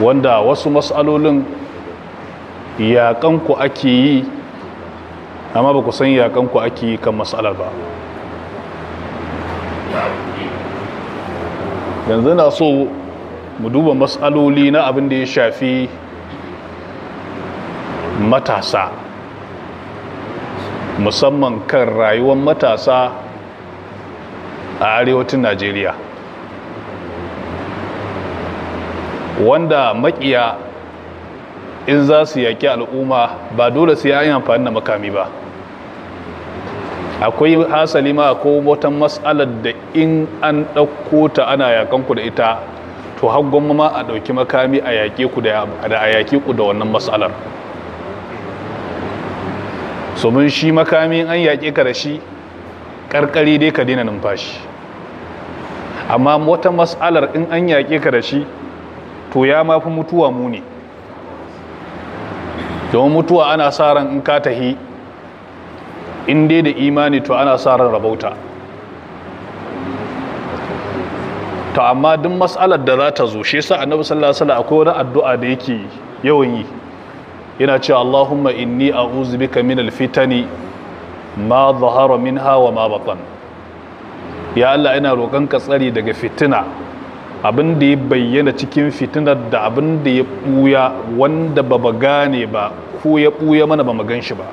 wanda wasu matsalolin yaƙanku ake yi amma ba ku san yaƙanku ake yi kan matsalar ba yanzu na so mu duba matsaloli na abin da ya shafi matasa musamman kan rayuwar matasa a arewacin najeriya wanda makiya in za su yaƙi al'umma ba dole su yi amfani da makami ba akwai hasali ma ko wata matsalar da in an ɗauko ta ana yaƙan ku da ita to haggon ma a ɗauki makami a yaƙe ku da a yaƙe ku da wannan matsalar so mun shi makami an yaƙe ka da shi ƙarƙari dai ka daina numfashi amma wata matsalar in an yaƙe ka da shi to ya mafi mutuwa muni domin mutuwa ana sa ran in ka tahi in dai da imani to ana sa ran rabauta to amma duk mas'alar da za ta zo shi yasa annabi sallallahu alaihi wasallam akwai wani addu'a da yake yawan yi yana cewa Allahumma inni a'udhu bika min al-fitani ma dhahara minha wa ma batan ya Allah ina roƙon ka tsari daga fitina abin da ya bayyana cikin fitinar da abin da ya ɓuya wanda ba ba gane ba ko ya ɓuya mana ba mu shi ba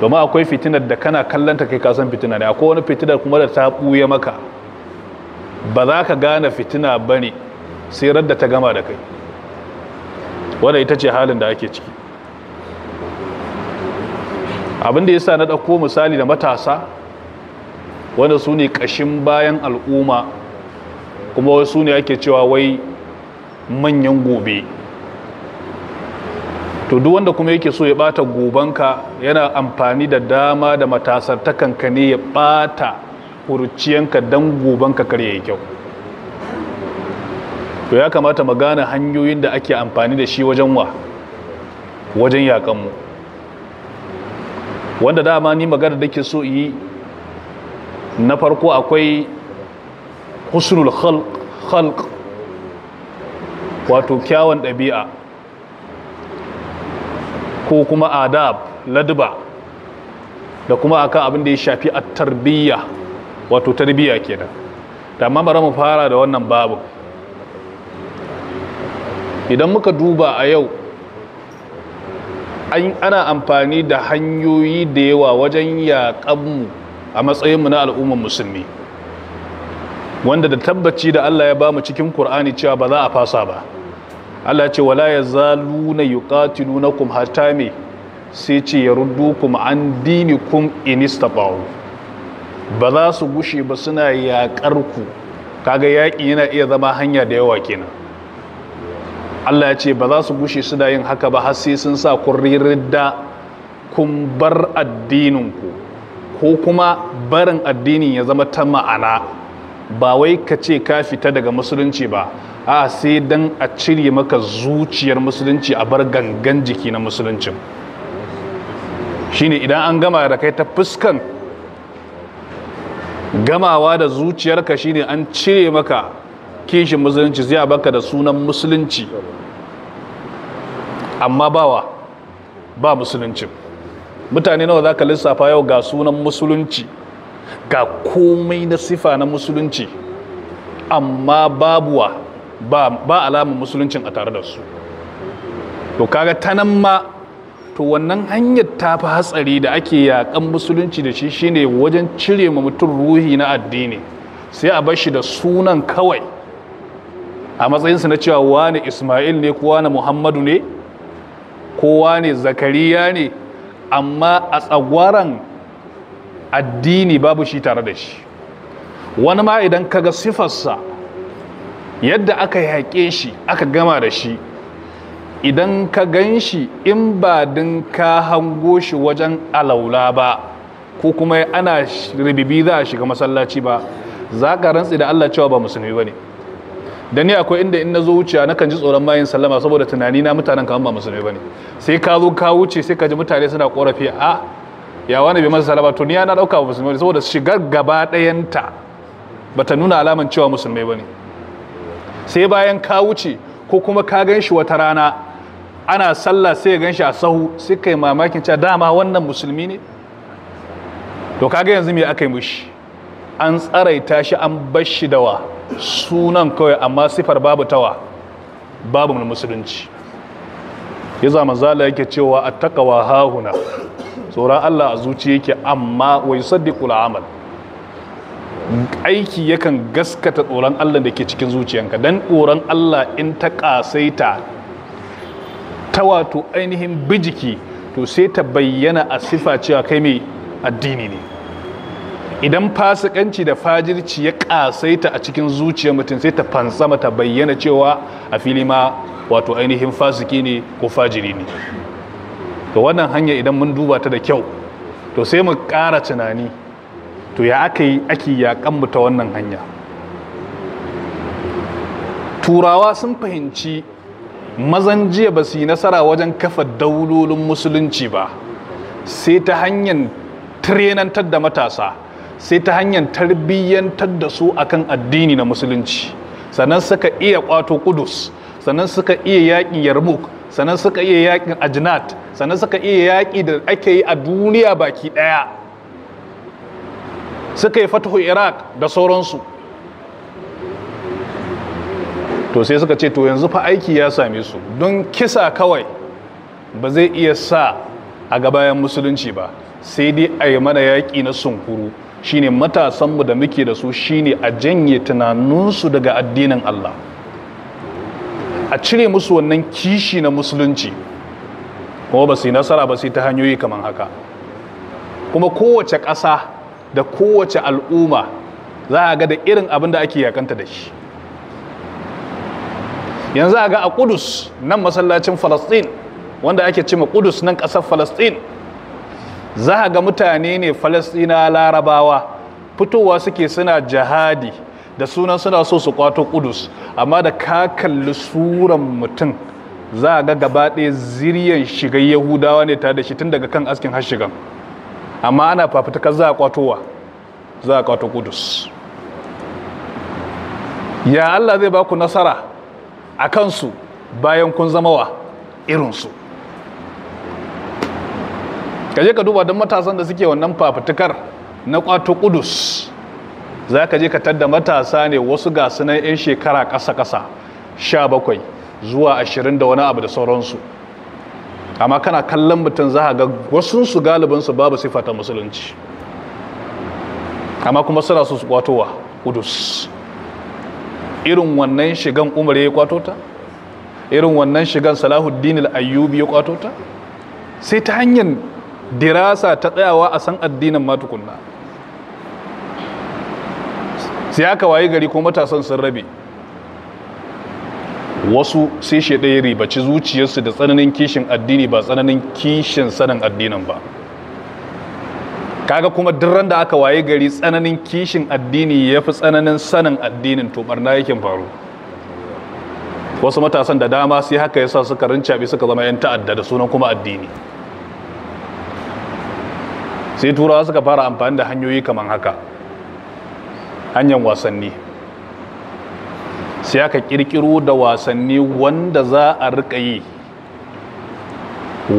domin akwai fitinar da kana kallanta kai kasan fitina ne akwai wani fitinar kuma da ta ɓuya maka ba za ka gane fitina ba ne sai radda ta gama da kai wadda ita ce halin da ake ciki abin da ya sa na ɗauko misali da matasa wanda su ne ƙashin bayan al'umma kuma wasu ne ake cewa wai manyan gobe to duk wanda kuma yake so ya bata gobanka yana amfani da dama da takanka ne ya bata kurciyanka don gobanka kar kyau to ya kamata mu gane hanyoyin da ake amfani da shi wajen wa wajen yakanmu wanda dama ni magana da ke so yi na farko akwai husnul khalq khalq wato kyawun ɗabi'a ko kuma adab ladba da kuma akan abin da ya shafi a tarbiyya wato tarbiyya kenan da amma mu fara da wannan babu idan muka duba a yau ana amfani da hanyoyi da yawa wajen yaƙanmu a matsayinmu na al'ummar musulmi wanda da tabbaci da Allah ya bamu cikin Kur'ani cewa ba za a fasa ba Allah ya ce wala yazaluna yuqatilunakum hatta me sai ce yaruddukum an dinikum in istata'u ba za su gushe ba suna yaƙar ku kaga yaƙi yana iya zama hanya da yawa kenan Allah ya ce ba za su gushe suna yin haka ba har sai sun sa kun ridda kun bar addininku ko kuma barin addinin ya zama ta ma'ana ba wai ka ce ka fita daga musulunci ba a sai dan a cire maka zuciyar musulunci a bar gangan jiki na musuluncin shine idan an gama da kai ta fuskan gamawa da zuciyarka shine an cire maka kishin musulunci zai baka da sunan musulunci amma bawa ba musulunci mutane nawa za ka lissafa yau ga sunan musulunci ga komai na sifa na musulunci amma babuwa ba, ba alamun musuluncin a tare da su to kaga ta ma to wannan hanyar ta fi hatsari da ake yaƙan musulunci da shi shine wajen cire ma mutum ruhi na addini sai a bashi da sunan kawai a matsayinsu na cewa wane ismail ne kowa na muhammadu ne kowa ne zakariya ne amma a tsagwaran addini babu shi tare da shi wani ma idan kaga sifarsa yadda aka yaƙe shi aka gama da shi idan ka gan shi in ba din ka hango shi wajen alaula ba ko kuma ana ribibi za a shiga masallaci ba za ka rantsi da Allah cewa ba musulmi ba ne da ni akwai inda in na zo na kan ji tsoron mayin sallama saboda tunani na mutanen kamar ba musulmi ba ne sai ka zo ka wuce sai ka ji mutane suna korafi a ya wani bi masa salama to ni na dauka musulmai ne saboda shigar gaba dayanta bata nuna alaman cewa musulmai bane sai bayan ka wuce ko kuma ka gan shi wata rana ana sallah sai ya gan shi a sahu sai kai mamakin cewa dama wannan musulmi ne to kaga yanzu me aka yi mushi an tsaraita shi an bar shi dawa sunan kawai amma sifar babu tawa babu musulunci ya zama zala yake cewa attaqwa hahuna tsoron Allah a zuci yake amma wai saddi kula amal aiki yakan gaskata tsoron Allah da ke cikin zuciyanka Don tsoron Allah in ta kasaita ta wato ainihin bijiki to sai ta bayyana a sifa cewa kai mai addini ne idan fasikanci da fajirci ya kasaita a cikin zuciyar mutum sai ta fansama ta bayyana cewa a fili ma wato ainihin fasiki ne ko fajiri ne to wannan hanya idan mun duba ta da kyau to sai mu ƙara tunani to ya aka yi ake yaƙan mu ta wannan hanya turawa sun fahimci mazan jiya ba su yi nasara wajen kafa daulolin musulunci ba sai ta hanyar trenantar da matasa sai ta hanyar tarbiyyantar da su akan addini na musulunci sannan suka iya ƙwato kudus sannan suka iya yaƙi yarmouk sannan suka iya yakin ajinat sannan suka iya yaƙi da ake yi a duniya baki ɗaya suka yi fatahu iraq da sauransu to sai suka ce to yanzu fa aiki ya same su don kisa kawai ba zai iya sa a gabayan musulunci ba sai dai a yi mana yaƙi na sunkuru shine matasanmu da muke da su shine a janye tunaninsu daga addinin Allah a cire musu wannan kishi na musulunci kuma ba su yi nasara ba sai ta hanyoyi kamar haka kuma kowace ƙasa da kowace al'umma za a ga da irin abin da ake yakanta da shi yanzu a ga a ƙudus nan masallacin falastin wanda ake cima ƙudus nan ƙasar falastin za a ga mutane ne falastina larabawa fitowa suke suna jihadi da sunan suna so su kwato kudus amma da ka kalli suran mutum za a ga gaba ɗaya ziryan shiga yahudawa ne tare da shi tun daga kan askin har amma ana fafutukar za a kwatowa za a kwato kudus ya allah zai ba ku nasara a kansu bayan kun zama wa irinsu kaje ka duba don matasan da suke wannan fafutukar na kwato kudus za ka je ka tadda matasa ne wasu ga sunan 'yan shekara ƙasa-ƙasa bakwai zuwa ashirin da wani abu da sauransu amma kana kallon mutum za a ga wasunsu galibinsu babu sifata musulunci amma kuma suna su kwatowa kudus irin wannan shigan umar ya kwato ta irin wannan shigan salahuddin al-ayyubi ya kwatota sai ta hanyar dirasa ta tsayawa a san addinin matukunna sai aka waye gari ko matasan sun rabe wasu sai shi ɗaya ribaci zuciyarsu da tsananin kishin addini ba tsananin kishin sanin addinin ba kaga kuma duran da aka waye gari tsananin kishin addini ya fi tsananin sanin addinin to barna yakin faru wasu matasan da dama sai haka yasa suka rincaɓe suka zama 'yan ta'adda da sunan kuma addini sai turawa suka fara amfani da hanyoyi kamar haka hanyar wasanni sai aka kirkiro da wasanni wanda za a rika yi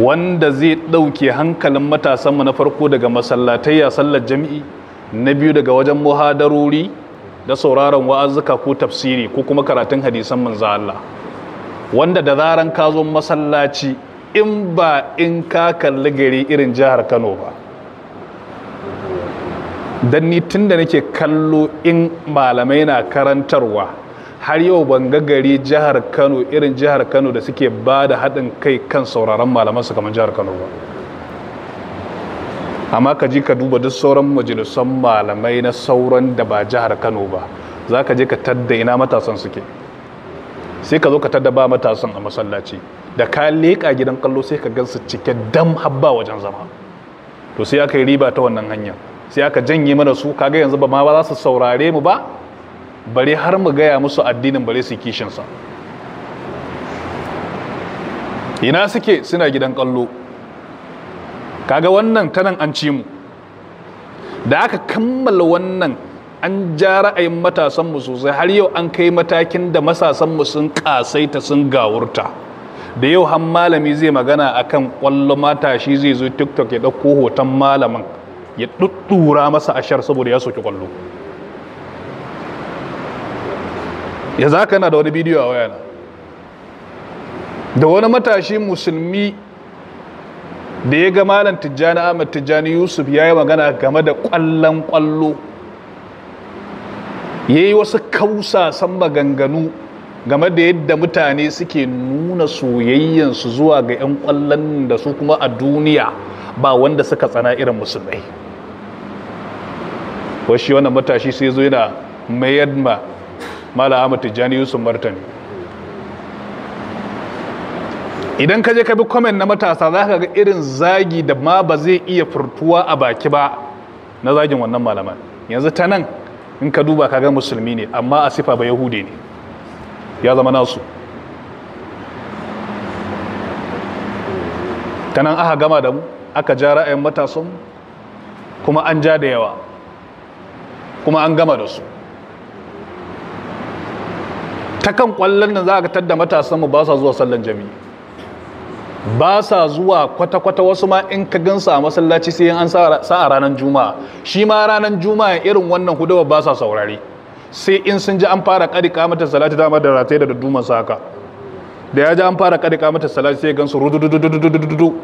wanda zai ɗauke hankalin matasanmu na farko daga masallatai a sallar jami'i na biyu daga wajen muhadarori da sauraron wa'azuka ko tafsiri ko kuma karatun hadisan manzo Allah wanda da zaran ka zo masallaci in ba in ka kalli gari irin jihar Kano ba don ni tun da nake kallo in malamai na karantarwa har yau ban ga gari jihar kano irin jihar kano da suke ba da haɗin kai kan sauraron malamansu kamar jihar kano ba amma ka ji ka duba duk sauran majalisan malamai na sauran da ba jihar kano ba za ka je ka tadda ina matasan suke sai ka zo ka tadda ba matasan a masallaci da ka leƙa gidan kallo sai ka gansu cike dam habba wajen zama to sai aka yi riba ta wannan hanyar sai aka janye mana su kaga yanzu ba ma ba za su saurare mu ba bare har mu gaya musu addinin bare su sa ina suke suna gidan kallo kaga wannan tanan an ci mu da aka kammala wannan an ja ra'ayin matasan mu sosai har yau an kai matakin da matasanmu sun kasaita sun gawurta da yau han malami zai magana akan kwallo matashi zai zo tiktok ya dauko hoton malamin ya ɗuɗɗura masa ashar saboda ya soki kwallo ya za ka na da wani bidiyo a wayana da wani matashi musulmi da ya ga malam tijjani ahmad tijjani yusuf ya yi magana game da ƙwallon ƙwallo. ya yi wasu kausasan maganganu game da yadda mutane suke nuna soyayyansu zuwa ga 'yan kwallon da su kuma a duniya ba wanda suka tsana irin musulmai washi wannan matashi sai zo yana mayar ma mala ahmad tijjani yusuf martani idan ka je ka bi komen na matasa za ka ga irin zagi da ma ba zai iya furtuwa a baki ba na zagin wannan malaman yanzu ta nan in ka duba ka ga musulmi ne amma a sifa ba yahudi ne ya zama nasu ta nan aka gama da mu aka ja ra'ayin matasan kuma an ja da yawa kuma an gama da su ta kan kwallon nan za a ka da matasanmu ba sa zuwa sallan jami'i ba sa zuwa kwata-kwata wasu ma in ka gansa a masallaci sai an sa a ranar juma'a shi ma ranar juma'a irin wannan hudawa ba sa saurari. sai in sun ji an fara kadika kamata salati dama da ratai da duman saka da ya ji an fara kadika kamata salati sai gansu rududududududu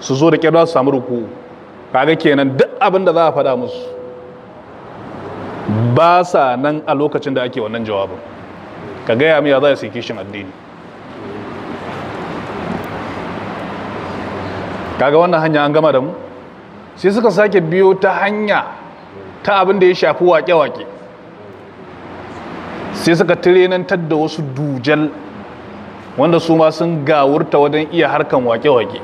su zo da kyar su samu ruku kaga kenan duk abin da za a faɗa musu ba sa nan a lokacin da ake wannan jawabin ka gaya miya za a yi kishin addini kaga wannan hanya an gama da mu sai suka sake biyo ta hanya ta abin da ya shafi wake-wake sai suka tirenantar da wasu dujal wanda su ma sun gawurta wajen iya harkan wake-wake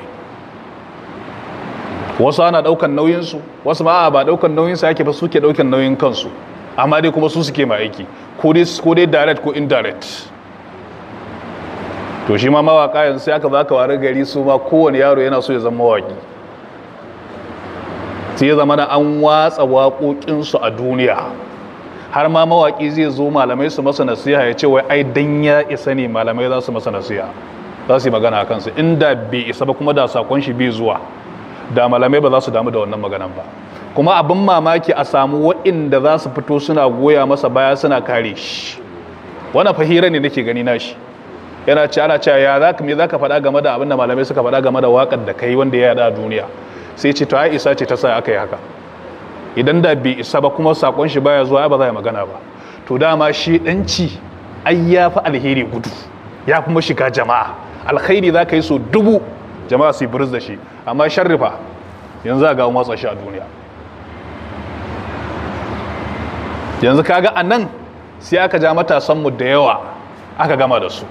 wasu ana daukan nauyinsu wasu ma ba daukan nauyinsu yake ba suke daukan nauyin kansu amma dai kuma su suke ma aiki ko dai ko direct ko indirect to shi ma mawaka yanzu sai aka zaka ware gari su ma kowane yaro yana so ya zama mawaki sai ya zama na an watsa waƙoƙinsu a duniya har ma mawaƙi zai zo malamai su masa nasiha ya ce wai ai dan ya isa ne malamai za su masa nasiha za su yi magana a kansu inda bai isa ba kuma da sakon shi bai zuwa da malamai ba za su damu da wannan maganan ba kuma abin mamaki a samu wa'inda za su fito suna goya masa baya suna kare shi Wani fahira ne nake gani na shi yana ce ana cewa ya zaka me zaka faɗa game da abin da malamai suka faɗa game da waƙar da kai wanda ya yada duniya sai ce to isa ce ta sa aka yi haka idan da bai isa ba kuma sakon shi baya zuwa ba za ya magana ba to dama shi ɗanci ai ya fi alheri gudu ya fi mashiga jama'a alkhairi za ka yi so dubu jama'a su yi da shi amma sharrifa yanzu a ga watsa shi a duniya yanzu kaga a nan sai aka ja matasanmu da yawa aka gama da su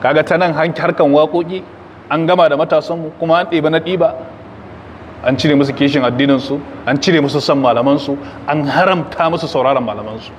kaga ta nan harkan waƙoƙi an gama da matasanmu kuma an ɗiba na ɗiba an cire musu kishin addininsu an cire musu son malamansu an haramta musu sauraron malamansu